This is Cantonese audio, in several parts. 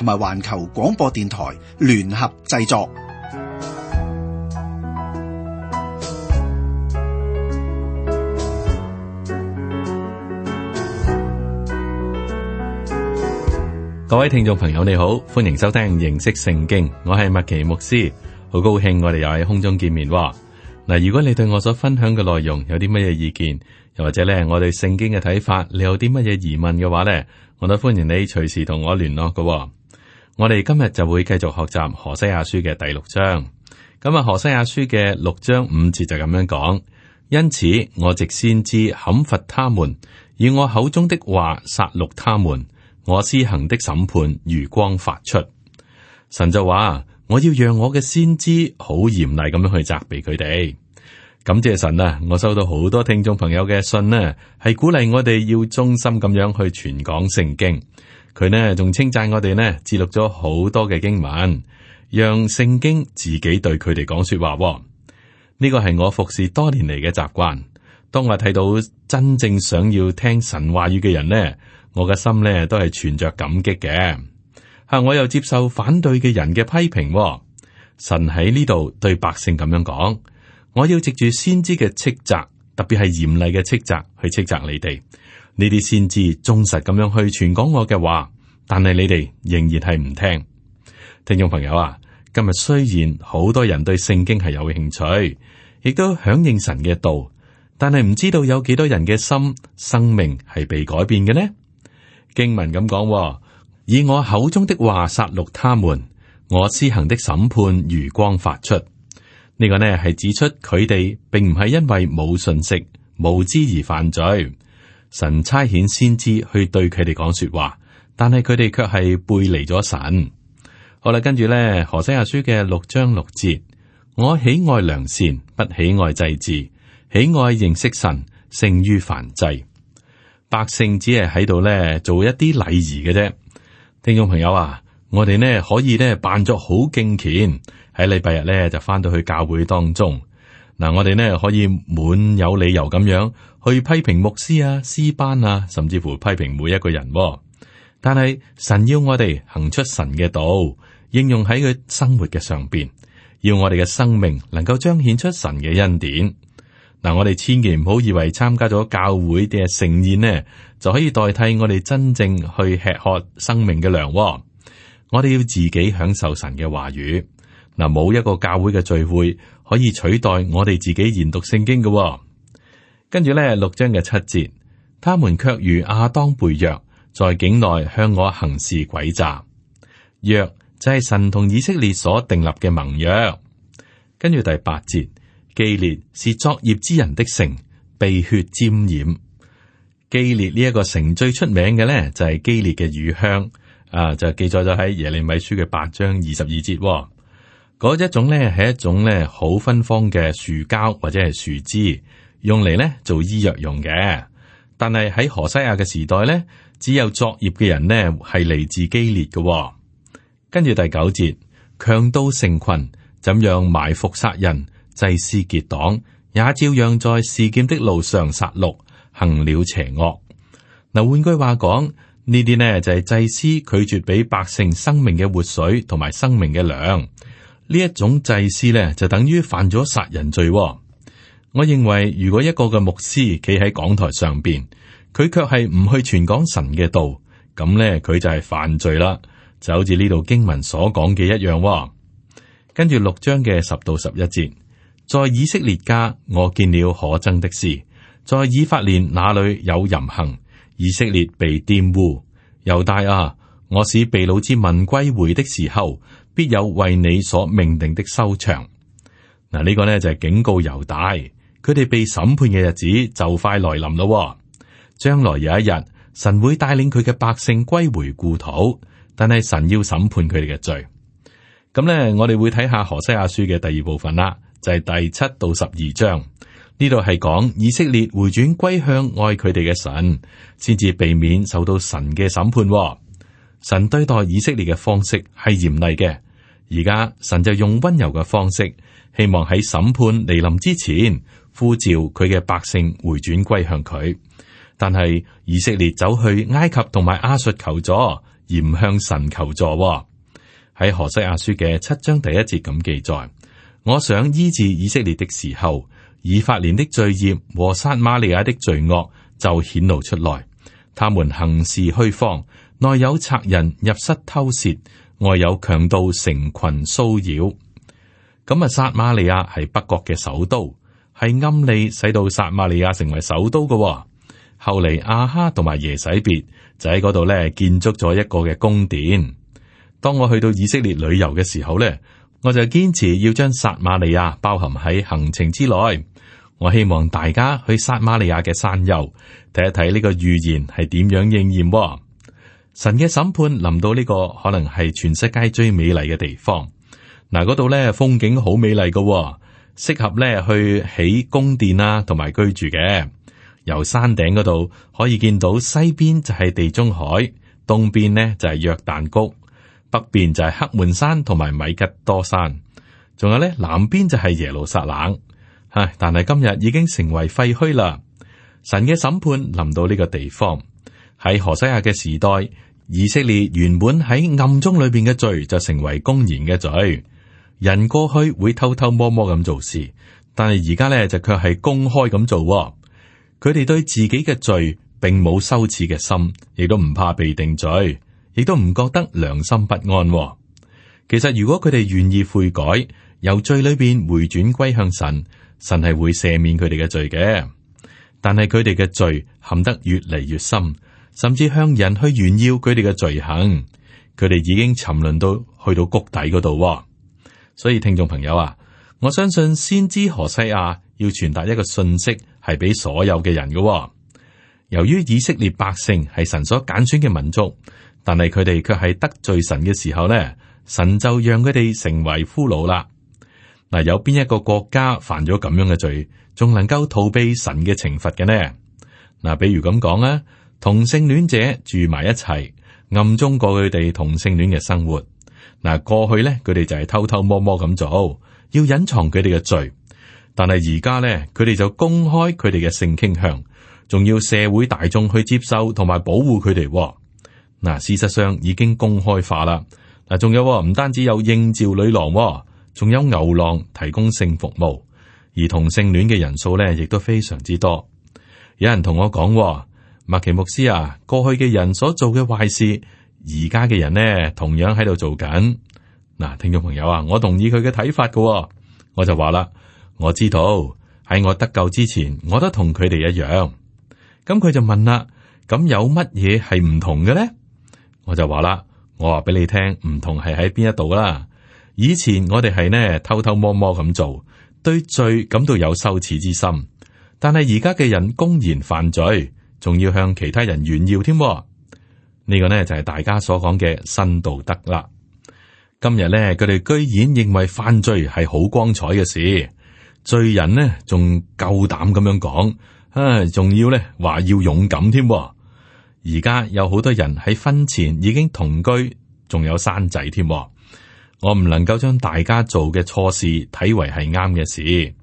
同埋環球廣播電台聯合製作。各位聽眾朋友，你好，歡迎收聽認識聖經。我係麥奇牧師，好高興我哋又喺空中見面。嗱，如果你對我所分享嘅內容有啲乜嘢意見，又或者咧我哋聖經嘅睇法，你有啲乜嘢疑問嘅話咧，我都歡迎你隨時同我聯絡㗎。我哋今日就會繼續學習何西阿書嘅第六章。咁啊，何西阿書嘅六章五節就咁樣講：因此我藉先知砍伐他們，以我口中的話殺戮他們，我施行的審判如光發出。神就話：我要讓我嘅先知好嚴厲咁樣去責備佢哋。感謝神啊，我收到好多聽眾朋友嘅信呢，啊，係鼓勵我哋要忠心咁樣去傳講聖經。佢呢仲稱讚我哋呢記錄咗好多嘅經文，讓聖經自己對佢哋講說話。呢個係我服侍多年嚟嘅習慣。當我睇到真正想要聽神話語嘅人呢，我嘅心呢都係存着感激嘅。哈！我又接受反對嘅人嘅批評。神喺呢度對百姓咁樣講：我要藉住先知嘅斥責，特別係嚴厲嘅斥責去斥責你哋。呢啲先知忠實咁樣去傳講我嘅話。但係你哋仍然係唔聽。聽眾朋友啊。今日雖然好多人對聖經係有興趣，亦都響應神嘅道，但係唔知道有幾多人嘅心生命係被改變嘅呢？經文咁講，以我口中的話殺戮他們，我施行的審判如光發出。呢個呢係指出佢哋並唔係因為冇信息無知而犯罪。神差遣先知去對佢哋講說話。但係佢哋卻係背離咗神。好啦，跟住咧，何西阿書嘅六章六節，我喜愛良善，不喜愛祭祀。喜愛認識神勝於燔祭。百姓只係喺度咧做一啲禮儀嘅啫。聽眾朋友啊，我哋呢可以咧扮作好敬虔，喺禮拜日咧就返到去教會當中嗱，我哋呢可以滿有理由咁樣去批評牧師啊、詩班啊，甚至乎批評每一個人啊。但係神要我哋行出神嘅道，應用喺佢生活嘅上邊，要我哋嘅生命能夠彰顯出神嘅恩典。嗱、啊，我哋千祈唔好以為參加咗教會嘅盛宴呢，就可以代替我哋真正去吃喝生命嘅糧、哦。我哋要自己享受神嘅話語。嗱、啊，冇一個教會嘅聚會可以取代我哋自己研讀聖經嘅、哦。跟住咧六章嘅七節，他們卻如亞當背約。在境內向我行事詭詐，約就係神同以色列所訂立嘅盟約。跟住第八節，基列是作孽之人的城，被血沾染。基列呢一個城最出名嘅咧就係基列嘅乳香啊，就記載咗喺耶利米書嘅八章二十二節、哦。嗰一種咧係一種咧好芬芳嘅樹膠或者係樹枝，用嚟咧做醫藥用嘅。但係喺何西阿嘅時代咧。只有作孽嘅人呢，係嚟自激烈嘅、哦。跟住第九節，強盜成群，怎樣埋伏殺人？祭司結黨，也照樣在示劍的路上殺戮，行了邪惡。嗱，換句話講，呢啲呢，就係、是、祭司拒絕俾百姓生命嘅活水同埋生命嘅糧。呢一種祭司呢，就等於犯咗殺人罪、哦。我認為，如果一個嘅牧師企喺講台上邊。佢卻係唔去傳講神嘅道，咁呢，佢就係犯罪啦。就好似呢度經文所講嘅一樣。跟住六章嘅十到十一節，在以色列家，我見了可憎的事；在以法蓮那裏有淫行，以色列被玷污。猶大啊，我使被擄之民歸回的時候，必有為你所命定的收場。嗱、啊，呢、這個呢，就係、是、警告猶大，佢哋被審判嘅日子就快來臨咯。將來有一日，神會帶領佢嘅百姓歸回故土，但係神要審判佢哋嘅罪。咁呢，我哋會睇下何西阿書嘅第二部分啦，就係、是、第七到十二章。呢度係講以色列回轉歸向愛佢哋嘅神，先至避免受到神嘅審判、哦。神對待以色列嘅方式係嚴厲嘅，而家神就用溫柔嘅方式，希望喺審判嚟臨之前呼召佢嘅百姓回轉歸向佢。但係以色列走去埃及同埋亞述求助，而唔向神求助喺、哦、何西阿書嘅七章第一節咁記載。我想醫治以色列的時候，以法蓮的罪孽和撒瑪利亞的罪惡就顯露出來。他們行事虛謊，內有賊人入室偷竊，外有強盜成群騷擾。咁啊，撒瑪利亞係北國嘅首都，係暗利使到撒瑪利亞成為首都嘅、哦。後嚟，亞哈同埋耶洗別就喺嗰度咧，建築咗一個嘅宮殿。當我去到以色列旅遊嘅時候咧，我就堅持要將撒馬利亞包含喺行程之內。我希望大家去撒馬利亞嘅山遊，睇一睇呢個預言係點樣應驗。神嘅審判臨到呢個可能係全世界最美麗嘅地方。嗱，嗰度咧風景好美麗噶，適合咧去起宮殿啊，同埋居住嘅。由山頂嗰度可以見到西邊就係地中海，東邊呢就係約旦谷，北邊就係黑門山同埋米吉多山，仲有咧南邊就係耶路撒冷吓。但係今日已經成為廢墟啦。神嘅審判臨到呢個地方。喺何西阿嘅時代，以色列原本喺暗中裏邊嘅罪就成為公然嘅罪。人過去會偷偷摸摸咁做事，但係而家咧就卻係公開咁做。佢哋對自己嘅罪，並冇羞恥嘅心，亦都唔怕被定罪，亦都唔覺得良心不安。其實，如果佢哋願意悔改，由罪裏邊回轉歸向神，神係會赦免佢哋嘅罪嘅。但係佢哋嘅罪陷得越嚟越深，甚至向人去炫耀佢哋嘅罪行，佢哋已經沉淪到去到谷底嗰度。所以，聽眾朋友啊，我相信先知何西阿要傳達一個信息。係俾所有嘅人嘅。哦，由於以色列百姓係神所揀選嘅民族，但係佢哋卻係得罪神嘅時候咧，神就讓佢哋成為俘虜啦。嗱，有邊一個國家犯咗咁樣嘅罪，仲能夠逃避神嘅懲罰嘅呢？嗱，比如咁講啊，同性戀者住埋一齊，暗中過佢哋同性戀嘅生活。嗱，過去咧，佢哋就係偷偷摸摸咁做，要隱藏佢哋嘅罪。但係而家咧，佢哋就公開佢哋嘅性傾向，仲要社會大眾去接受同埋保護佢哋。嗱，事實上已經公開化啦。嗱，仲有唔單止有應召女郎，仲有牛郎提供性服務，而同性戀嘅人數咧亦都非常之多。有人同我講，麥奇牧師啊，過去嘅人所做嘅壞事，而家嘅人呢，同樣喺度做緊。嗱，聽眾朋友啊，我同意佢嘅睇法噶，我就話啦。我知道喺我得救之前，我都同佢哋一樣。咁佢就問啦，咁有乜嘢係唔同嘅咧？我就話啦，我話俾你聽，唔同係喺邊一度啦。以前我哋係呢偷偷摸摸咁做，對罪感到有羞恥之心，但係而家嘅人公然犯罪，仲要向其他人炫耀添。呢個呢就係大家所講嘅新道德啦。今日呢，佢哋居然認為犯罪係好光彩嘅事。罪人呢，仲夠膽咁樣講，唉、啊，仲要呢話要勇敢添。而家有好多人喺婚前已經同居，仲有生仔添。我唔能夠將大家做嘅錯事睇為係啱嘅事。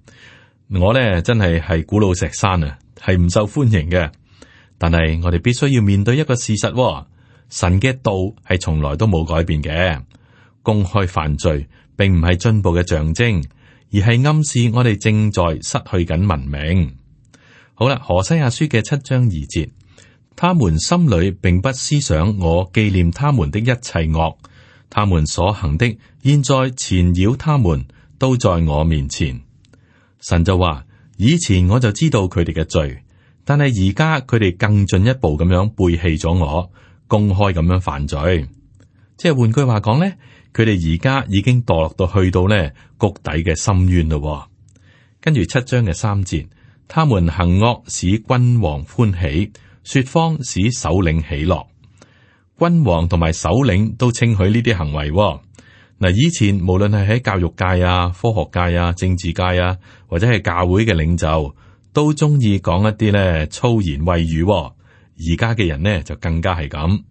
我呢真係係古老石山啊，係唔受歡迎嘅。但係我哋必須要面對一個事實，神嘅道係從來都冇改變嘅。公開犯罪並唔係進步嘅象徵。而係暗示我哋正在失去緊文明。好啦，何西阿書嘅七章二節，他們心裏並不思想我紀念他們的一切惡，他們所行的現在纏繞他們，都在我面前。神就話：以前我就知道佢哋嘅罪，但係而家佢哋更進一步咁樣背棄咗我，公開咁樣犯罪。即係換句話講咧。佢哋而家已經墮落到去到呢谷底嘅深淵咯、哦。跟住七章嘅三節，他們行惡使君王歡喜，說謊使首領喜樂，君王同埋首領都稱許呢啲行為、哦。嗱，以前無論係喺教育界啊、科學界啊、政治界啊，或者係教會嘅領袖，都中意講一啲咧粗言穢語、哦。而家嘅人呢，就更加係咁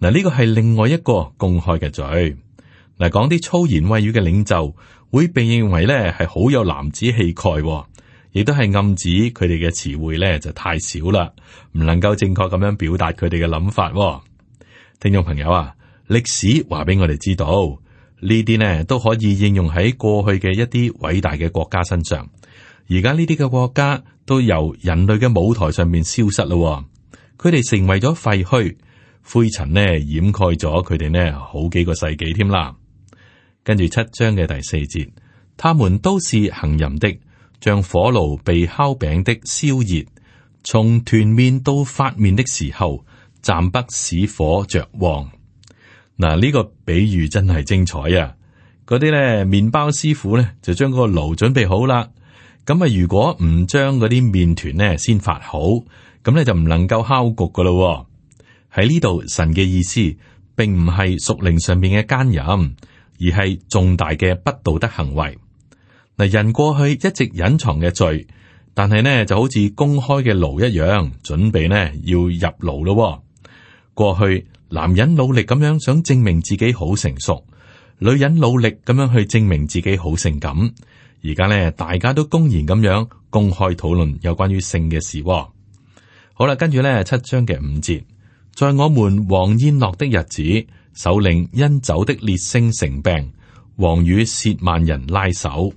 嗱，呢個係另外一個公開嘅罪。嗱，講啲粗言穢語嘅領袖會被認為咧係好有男子氣概，亦都係暗指佢哋嘅詞彙咧就太少啦，唔能夠正確咁樣表達佢哋嘅諗法。聽眾朋友啊，歷史話俾我哋知道，呢啲呢都可以應用喺過去嘅一啲偉大嘅國家身上。而家呢啲嘅國家都由人類嘅舞台上面消失啦，佢哋成為咗廢墟，灰塵呢掩蓋咗佢哋呢好幾個世紀添啦。跟住七章嘅第四節，他們都是行淫的，像火爐被烤餅的燒熱，從團麵到發麵的時候，暫不使火着旺。嗱，呢個比喻真係精彩啊！嗰啲咧麵包師傅咧就將嗰個爐準備好啦。咁啊，如果唔將嗰啲麵團咧先發好，咁咧就唔能夠烤焗噶啦，啊。喺呢度神嘅意思，並唔係屬靈上面嘅奸人。而係重大嘅不道德行為。嗱，人過去一直隱藏嘅罪，但係呢就好似公開嘅牢一樣，準備呢要入牢咯。過去男人努力咁樣想證明自己好成熟，女人努力咁樣去證明自己好性感。而家呢，大家都公然咁樣公開討論有關於性嘅事。好啦，跟住呢，七章嘅五節，在我們王宴樂的日子。首領因酒的烈性成病，王與褻慢人拉手。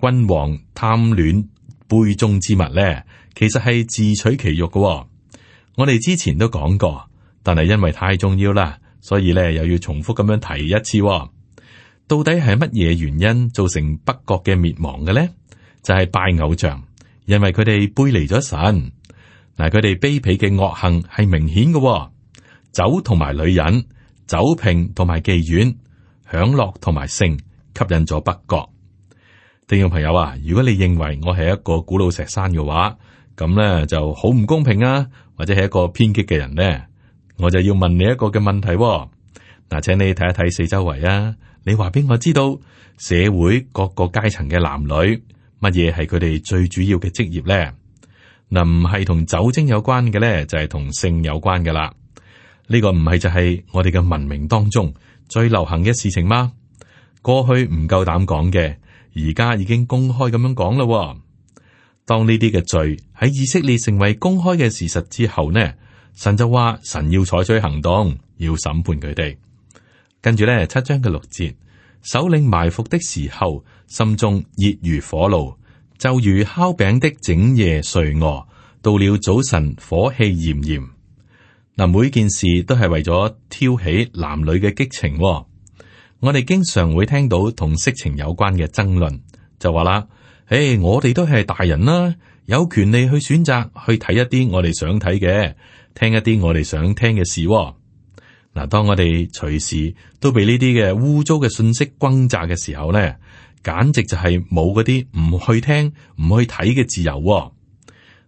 君王貪戀杯中之物呢，其實係自取其辱噶、哦。我哋之前都講過，但係因為太重要啦，所以呢又要重複咁樣提一次、哦。到底係乜嘢原因造成北國嘅滅亡嘅呢？就係、是、拜偶像，因為佢哋背離咗神。嗱，佢哋卑鄙嘅惡行係明顯噶、哦，酒同埋女人。酒瓶同埋妓院，享樂同埋性吸引咗北角聽眾朋友啊！如果你認為我係一個古老石山嘅話，咁咧就好唔公平啊！或者係一個偏激嘅人咧，我就要問你一個嘅問題啊。嗱，請你睇一睇四周圍啊！你話俾我知道，社會各個階層嘅男女，乜嘢係佢哋最主要嘅職業咧？嗱，唔係同酒精有關嘅咧，就係同性有關噶啦。呢個唔係就係我哋嘅文明當中最流行嘅事情嗎？過去唔夠膽講嘅，而家已經公開咁樣講咯。當呢啲嘅罪喺以色列成為公開嘅事實之後呢，神就話神要採取行動，要審判佢哋。跟住呢七章嘅六節，首領埋伏的時候，心中熱如火爐，就如烤餅的整夜睡臥，到了早晨火氣炎炎。嗱，每件事都係為咗挑起男女嘅激情喎。我哋經常會聽到同色情有關嘅爭論，就話啦，誒、Hey，我哋都係大人啦、啊，有權利去選擇去睇一啲我哋想睇嘅，聽一啲我哋想聽嘅事喎。嗱，當我哋隨時都被呢啲嘅污糟嘅信息轟炸嘅時候咧，簡直就係冇嗰啲唔去聽唔去睇嘅自由喎。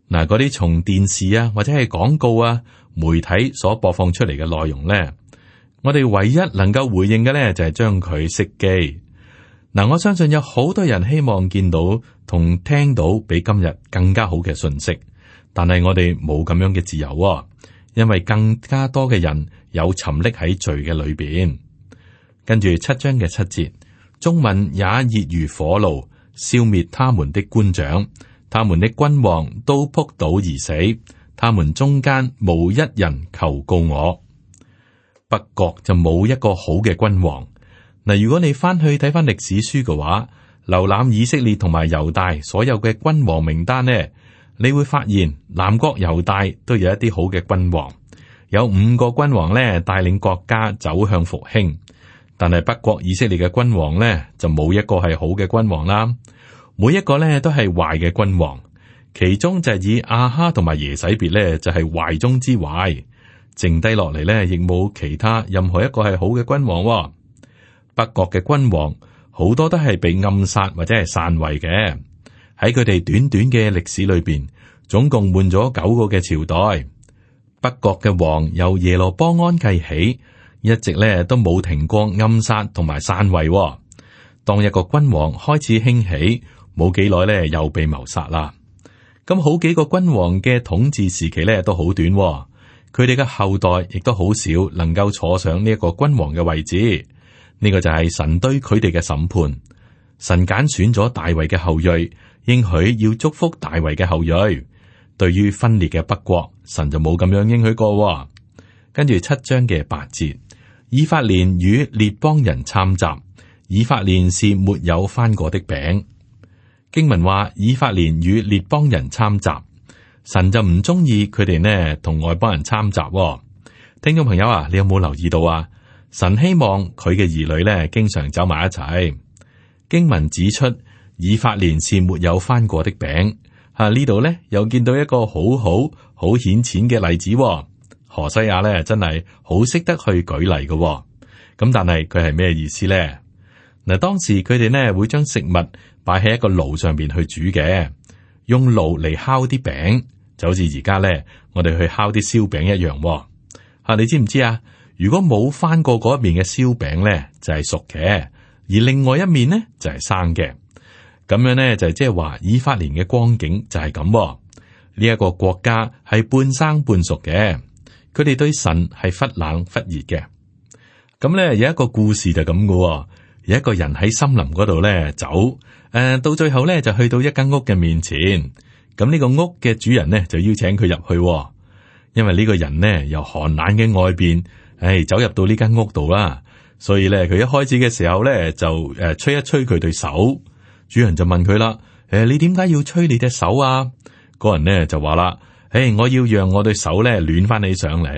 嗱，嗰啲從電視啊或者係廣告啊媒體所播放出嚟嘅內容咧，我哋唯一能夠回應嘅咧就係、是、將佢熄機。嗱，我相信有好多人希望見到同聽到比今日更加好嘅信息，但係我哋冇咁樣嘅自由、哦、因為更加多嘅人有沉溺喺罪嘅裏邊。跟住七章嘅七節，眾民也熱如火爐，消滅他們的官長。他們的君王都撲倒而死，他們中間冇一人求告我。北國就冇一個好嘅君王。嗱，如果你翻去睇翻歷史書嘅話，瀏覽以色列同埋猶大所有嘅君王名單呢，你會發現南國猶大都有一啲好嘅君王，有五個君王呢帶領國家走向復興。但係北國以色列嘅君王呢，就冇一個係好嘅君王啦。每一個咧都係壞嘅君王，其中就以阿哈同埋耶洗別咧就係壞中之壞，剩低落嚟咧亦冇其他任何一個係好嘅君王。北國嘅君王好多都係被暗殺或者係散位嘅，喺佢哋短短嘅歷史裏邊，總共換咗九個嘅朝代。北國嘅王由耶羅波安計起，一直咧都冇停過暗殺同埋散位。當一個君王開始興起。冇幾耐咧，又被謀殺啦。咁好幾個君王嘅統治時期咧都好短，哦，佢哋嘅後代亦都好少能夠坐上呢一個君王嘅位置。呢，這個就係神對佢哋嘅審判。神揀選咗大衛嘅後裔，應許要祝福大衛嘅後裔。對於分裂嘅北國，神就冇咁樣應許過，哦。跟住七章嘅八節，以法蓮與列邦人攙雜，以法蓮是沒有翻過的餅。經文話以法蓮與列邦人參雜，神就唔中意佢哋呢同外邦人參雜、哦。聽眾朋友啊，你有冇留意到啊？神希望佢嘅兒女呢，經常走埋一齊。經文指出以法蓮是沒有翻過的餅。吓、啊，呢度呢又見到一個好好好顯淺嘅例子、哦。何西阿呢真係好識得去舉例嘅、哦。咁但係佢係咩意思呢？嗱，當時佢哋咧會將食物擺喺一個爐上邊去煮嘅，用爐嚟烤啲餅，就好似而家咧我哋去烤啲燒餅一樣。吓，你知唔知啊？如果冇翻過嗰一面嘅燒餅咧，就係熟嘅；而另外一面咧就係生嘅。咁樣咧就即係話以法蓮嘅光景就係咁。呢一個國家係半生半熟嘅，佢哋對神係忽冷忽熱嘅。咁咧有一個故事就咁噶。有一個人喺森林嗰度咧走，誒、呃、到最後咧就去到一間屋嘅面前，咁、這、呢個屋嘅主人咧就邀請佢入去，因為呢個人咧由寒冷嘅外邊，誒、哎、走入到呢間屋度啦，所以咧佢一開始嘅時候咧就誒吹一吹佢對手，主人就問佢啦：誒、哎、你點解要吹你隻手啊？嗰人咧就話啦：誒、哎、我要讓我對手咧暖翻你上嚟，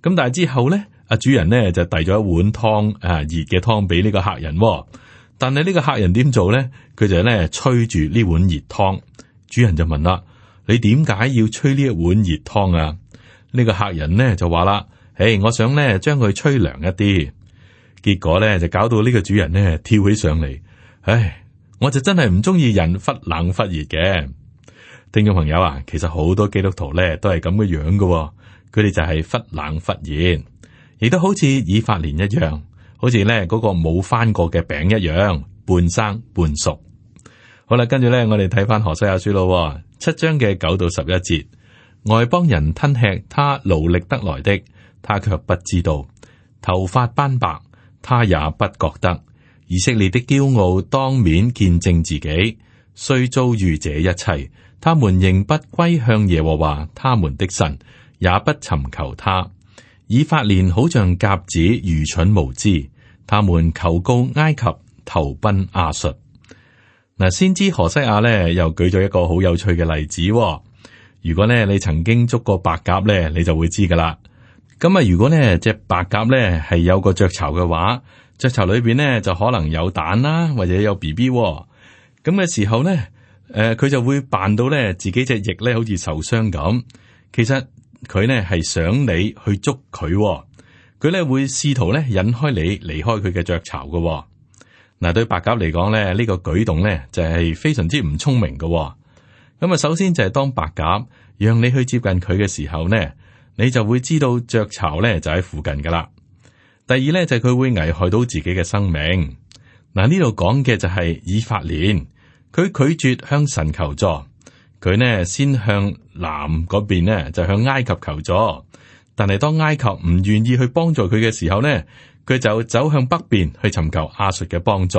咁但係之後咧。阿主人咧就遞咗一碗湯，誒熱嘅湯俾呢個客人、哦，但係呢個客人點做咧？佢就咧吹住呢碗熱湯。主人就問啦：你點解要吹呢一碗熱湯啊？呢、呢個客人咧就話啦：誒，我想咧將佢吹涼一啲。結果咧就搞到呢個主人咧跳起上嚟。唉，我就真係唔中意人忽冷忽熱嘅聽眾朋友啊。其實好多基督徒咧都係咁嘅樣嘅，佢哋就係忽冷忽熱。亦都好似以法蓮一樣，好似呢嗰個冇翻過嘅餅一樣，半生半熟。好啦，跟住呢，我哋睇翻何西阿書咯，七章嘅九到十一節，外邦人吞吃他勞力得來的，他卻不知道；頭髮斑白，他也不覺得。以色列的驕傲當面見證自己，雖遭遇這一切，他們仍不歸向耶和華他們的神，也不尋求他。以法蓮好像鴿子愚蠢無知，他們求告埃及，投奔亞述。嗱，先知何西阿咧又舉咗一個好有趣嘅例子、哦。如果咧你曾經捉過白鴿咧，你就會知噶啦。咁啊，如果咧隻白鴿咧係有個雀巢嘅話，雀巢裏邊咧就可能有蛋啦，或者有 B B、哦。咁嘅時候咧，誒、呃、佢就會扮到咧自己隻翼咧好似受傷咁，其實。佢咧係想你去捉佢，佢咧會試圖咧引開你離開佢嘅雀巢嘅。嗱，對白鴿嚟講咧，呢個舉動咧就係非常之唔聰明嘅。咁啊，首先就係當白鴿讓你去接近佢嘅時候咧，你就會知道雀巢咧就喺附近噶啦。第二咧就係佢會危害到自己嘅生命。嗱，呢度講嘅就係以法蓮，佢拒絕向神求助。佢呢先向南嗰邊呢就向埃及求助，但係當埃及唔願意去幫助佢嘅時候呢，佢就走向北邊去尋求亞述嘅幫助。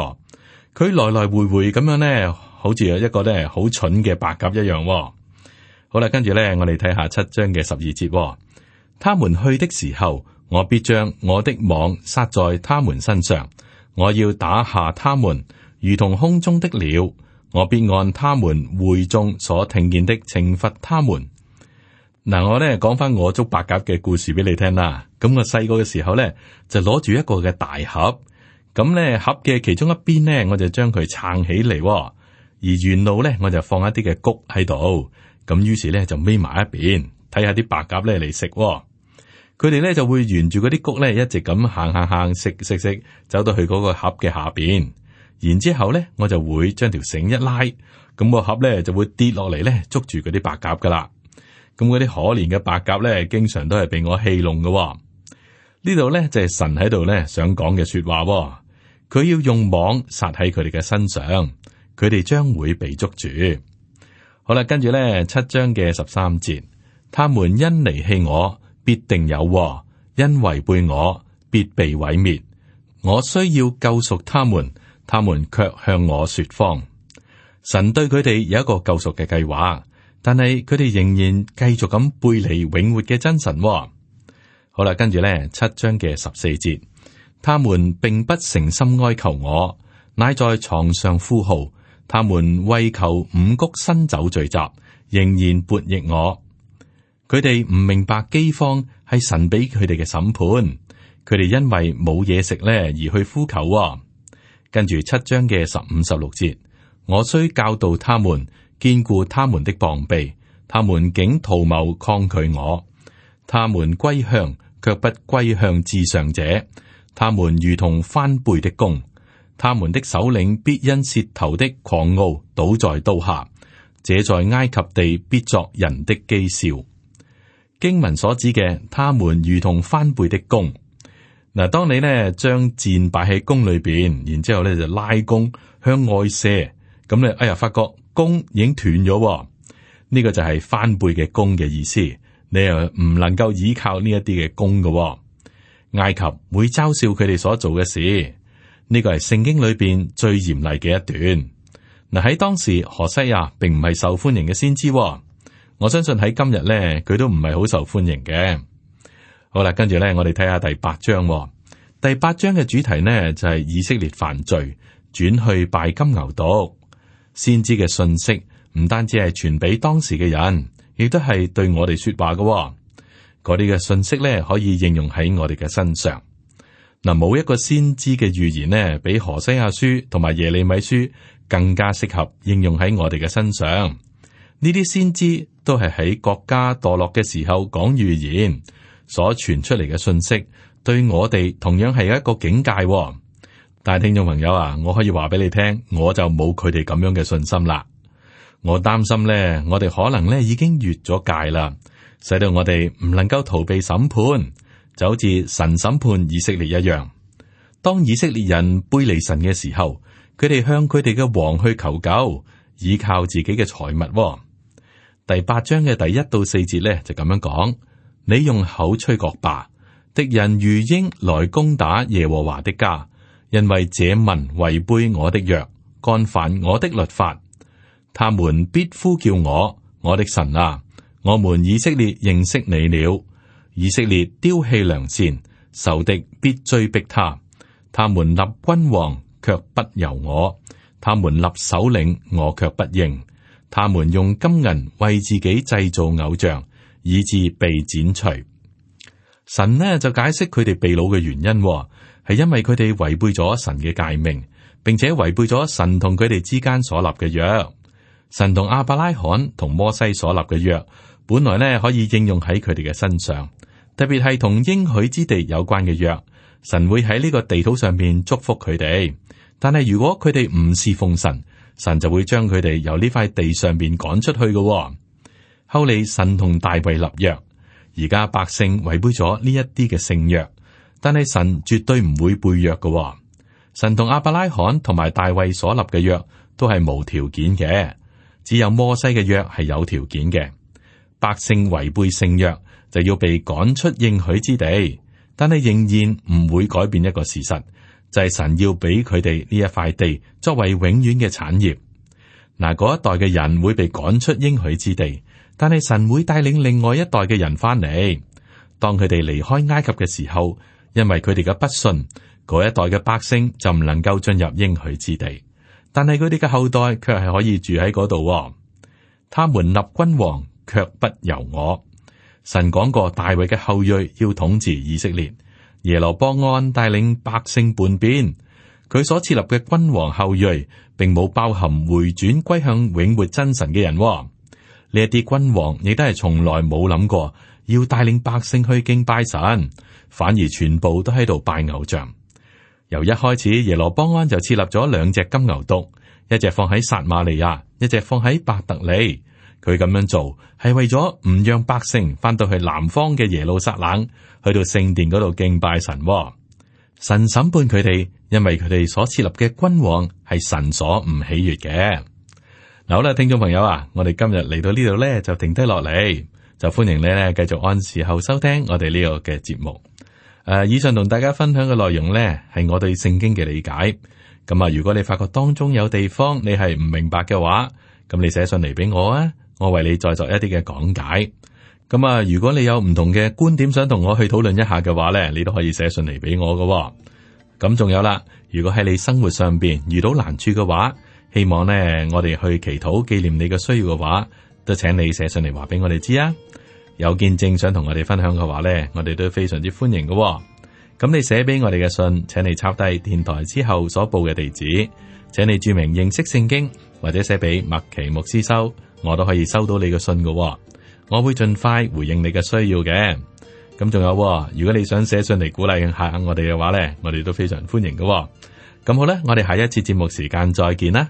佢來來回回咁樣呢，好似有一個呢好蠢嘅白鴿一樣。好啦，跟住呢，我哋睇下七章嘅十二節。他們去的時候，我必將我的網撒在他們身上，我要打下他們，如同空中的鳥。我必按他們會眾所聽見的懲罰他們。嗱、嗯，我咧講翻我捉白鴿嘅故事俾你聽啦。咁我細個嘅時候咧，就攞住一個嘅大盒，咁咧盒嘅其中一邊咧，我就將佢撐起嚟，而沿路咧我就放一啲嘅谷喺度，咁於是咧就匿埋一邊，睇下啲白鴿咧嚟食。佢哋咧就會沿住嗰啲谷咧一直咁行行行食食食，走到去嗰個盒嘅下邊。然之後咧，我就會將條繩一拉，咁、那個盒咧就會跌落嚟咧，捉住嗰啲白鴿噶啦。咁嗰啲可憐嘅白鴿咧，經常都係被我戲弄噶。呢度咧就係神喺度咧想講嘅說話，佢要用網殺喺佢哋嘅身上，佢哋將會被捉住。好啦，跟住咧七章嘅十三節，他們因離棄我，必定有禍；因違背我，必被毀滅。我需要救贖他們。他們卻向我說謊。神對佢哋有一個救贖嘅計劃，但係佢哋仍然繼續咁背離永活嘅真神，哦。好啦，跟住咧七章嘅十四節，他們並不誠心哀求我，乃在床上呼號。他們為求五穀新酒聚集，仍然悖逆我。佢哋唔明白飢荒係神俾佢哋嘅審判，佢哋因為冇嘢食咧而去呼求，哦。跟住七章嘅十五十六節，我雖教導他們堅固他們的防備，他們竟圖謀抗拒我，他們歸向卻不歸向至上者，他們如同翻背的弓，他們的首領必因舌頭的狂傲倒在刀下，這在埃及地必作人的譏笑。經文所指嘅，他們如同翻背的弓。嗱，當你咧將箭擺喺弓裏邊，然之後咧就拉弓向外射，咁你哎呀，發覺弓已經斷咗，呢個就係翻背嘅弓嘅意思，你又唔能夠依靠呢一啲嘅弓嘅。埃及會嘲笑佢哋所做嘅事，呢個係聖經裏邊最嚴厲嘅一段。嗱，喺當時何西阿並唔係受歡迎嘅先知，我相信喺今日咧佢都唔係好受歡迎嘅。好啦，跟住咧，我哋睇下第八章。第八章嘅主題呢，就係以色列犯罪轉去拜金牛犢。先知嘅信息，唔單止係傳俾當時嘅人，亦都係對我哋說話嘅。嗰啲嘅信息咧可以應用喺我哋嘅身上。嗱，冇一個先知嘅預言呢，比何西阿書同埋耶利米書更加適合應用喺我哋嘅身上。呢啲先知都係喺國家墮落嘅時候講預言。所傳出嚟嘅信息，對我哋同樣係一個警戒、哦。但係聽眾朋友啊，我可以話俾你聽，我就冇佢哋咁樣嘅信心啦。我擔心咧，我哋可能咧已經越咗界啦，使到我哋唔能夠逃避審判，就好似神審判以色列一樣。當以色列人背離神嘅時候，佢哋向佢哋嘅王去求救，依靠自己嘅財物、哦。第八章嘅第一到四節咧就咁樣講。你用口吹角吧，敵人如鷹來攻打耶和華的家，因為這民違背我的約，干犯我的律法。他們必呼叫我，我的神啊，我們以色列認識你了。以色列丟棄良善，仇敵必追逼他。他們立君王，卻不由我；他們立首領，我卻不認。他們用金銀為自己製造偶像。以致被剪除，神呢就解釋佢哋被擄嘅原因，哦，係因為佢哋違背咗神嘅誡命，並且違背咗神同佢哋之間所立嘅約。神同亞伯拉罕同摩西所立嘅約，本來呢可以應用喺佢哋嘅身上，特別係同應許之地有關嘅約。神會喺呢個地土上面祝福佢哋，但係如果佢哋唔侍奉神，神就會將佢哋由呢塊地上面趕出去嘅，哦。後嚟神同大衛立約，而家百姓違背咗呢一啲嘅聖約，但係神絕對唔會背約嘅喎。神同亞伯拉罕同埋大衛所立嘅約都係無條件嘅，只有摩西嘅約係有條件嘅。百姓違背聖約就要被趕出應許之地，但係仍然唔會改變一個事實，就係神要俾佢哋呢一塊地作為永遠嘅產業。嗱，嗰一代嘅人會被趕出應許之地。但係神會帶領另外一代嘅人翻嚟。當佢哋離開埃及嘅時候，因為佢哋嘅不信，嗰一代嘅百姓就唔能夠進入應許之地。但係佢哋嘅後代卻係可以住喺嗰度。他們立君王，卻不由我。神講過大衛嘅後裔要統治以色列。耶羅波安帶領百姓叛變，佢所設立嘅君王後裔，並冇包含回轉歸向永活真神嘅人。呢一啲君王亦都係從來冇諗過要帶領百姓去敬拜神，反而全部都喺度拜偶像。由一開始耶羅邦安就設立咗兩隻金牛犢，一隻放喺撒馬利亞，一隻放喺伯特利。佢咁樣做係為咗唔讓百姓翻到去南方嘅耶路撒冷，去到聖殿嗰度敬拜神。神審判佢哋，因為佢哋所設立嘅君王係神所唔喜悅嘅。好啦，聽眾朋友啊，我哋今日嚟到呢度呢，就停低落嚟，就歡迎你呢，繼續按時候收聽我哋呢個嘅節目。誒、啊，以上同大家分享嘅內容呢，係我對聖經嘅理解。咁、嗯、啊，如果你發覺當中有地方你係唔明白嘅話，咁你寫信嚟俾我啊，我為你再作一啲嘅講解。咁、嗯、啊，如果你有唔同嘅觀點想同我去討論一下嘅話呢，你都可以寫信嚟俾我噶。咁、嗯、仲有啦，如果喺你生活上邊遇到難處嘅話，希望咧，我哋去祈禱紀念你嘅需要嘅話，都請你寫信嚟話俾我哋知啊。有見證想同我哋分享嘅話咧，我哋都非常之歡迎嘅。咁你寫俾我哋嘅信，請你插低電台之後所報嘅地址，請你注明認識聖經，或者寫俾麥奇牧師收，我都可以收到你嘅信嘅。我會盡快回應你嘅需要嘅。咁仲有，如果你想寫信嚟鼓勵下我哋嘅話咧，我哋都非常歡迎嘅。咁好啦，我哋下一次節目時間再見啦。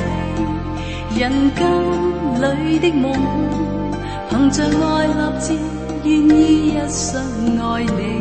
人間裏的夢，憑着愛立志，願意一生愛你。